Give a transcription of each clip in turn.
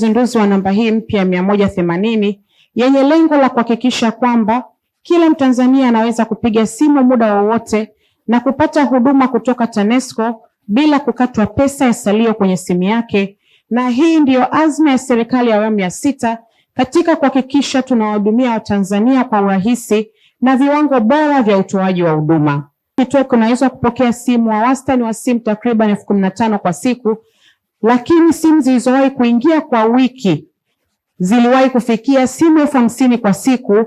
Uzinduzi wa namba hii mpya mia moja themanini yenye lengo la kuhakikisha kwamba kila Mtanzania anaweza kupiga simu muda wowote na kupata huduma kutoka TANESCO bila kukatwa pesa ya salio kwenye simu yake, na hii ndiyo azma ya serikali ya awamu ya sita katika kuhakikisha tunawahudumia Watanzania kwa urahisi na viwango bora vya utoaji wa huduma. Kituo kinaweza kupokea simu wa wastani wa simu takriban elfu kumi na tano kwa siku lakini simu zilizowahi kuingia kwa wiki ziliwahi kufikia simu elfu hamsini kwa siku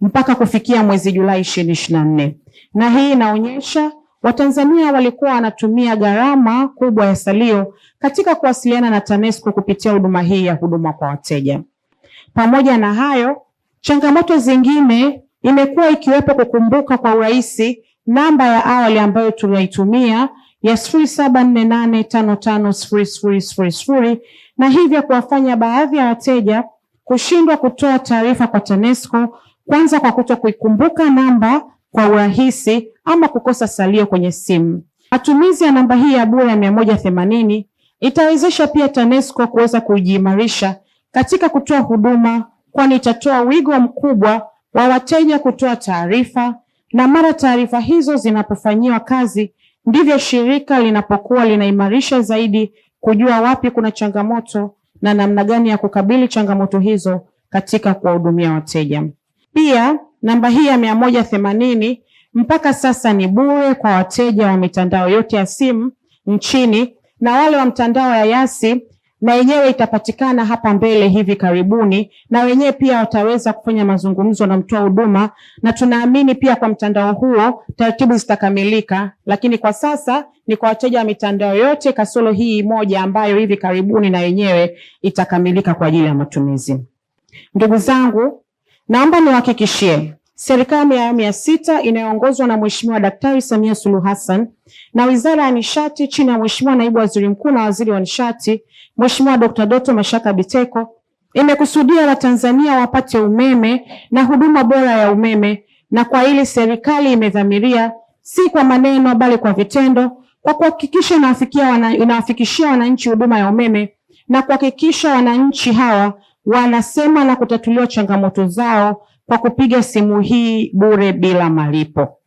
mpaka kufikia mwezi Julai ishirini na nne, na hii inaonyesha Watanzania walikuwa wanatumia gharama kubwa ya salio katika kuwasiliana na TANESCO kupitia huduma hii ya huduma kwa wateja. Pamoja na hayo, changamoto zingine imekuwa ikiwepo kukumbuka kwa urahisi namba ya awali ambayo tunaitumia ya sifuri saba nne nane tano tano sifuri sifuri sifuri sifuri na hivyo kuwafanya baadhi ya wateja kushindwa kutoa taarifa kwa TANESCO, kwanza kwa kuto kuikumbuka namba kwa urahisi ama kukosa salio kwenye simu. Matumizi ya namba hii ya bure ya mia moja themanini itawezesha pia TANESCO kuweza kujiimarisha katika kutoa huduma, kwani itatoa wigo mkubwa wa wateja kutoa taarifa, na mara taarifa hizo zinapofanyiwa kazi Ndivyo shirika linapokuwa linaimarisha zaidi kujua wapi kuna changamoto na namna gani ya kukabili changamoto hizo katika kuwahudumia wateja. Pia namba hii ya mia moja themanini mpaka sasa ni bure kwa wateja wa mitandao yote ya simu nchini na wale wa mtandao wa Yasi na yenyewe itapatikana hapa mbele hivi karibuni, na wenyewe pia wataweza kufanya mazungumzo na mtoa huduma, na tunaamini pia kwa mtandao huo taratibu zitakamilika, lakini kwa sasa ni kwa wateja wa mitandao yote kasoro hii moja ambayo hivi karibuni na yenyewe itakamilika kwa ajili ya matumizi. Ndugu zangu, naomba niwahakikishie Serikali ya awamu ya sita inayoongozwa na Mheshimiwa Daktari Samia Suluhu Hassan na Wizara ya Nishati chini ya Mheshimiwa Naibu Waziri Mkuu na Waziri wa Nishati Mheshimiwa Dr. Doto Mashaka Biteko imekusudia Watanzania wapate umeme na huduma bora ya umeme, na kwa hili serikali imedhamiria si kwa maneno bali kwa vitendo kwa kuhakikisha inawafikishia wananchi huduma ya umeme na kuhakikisha wananchi hawa wanasema na kutatuliwa changamoto zao kwa kupiga simu hii bure bila malipo.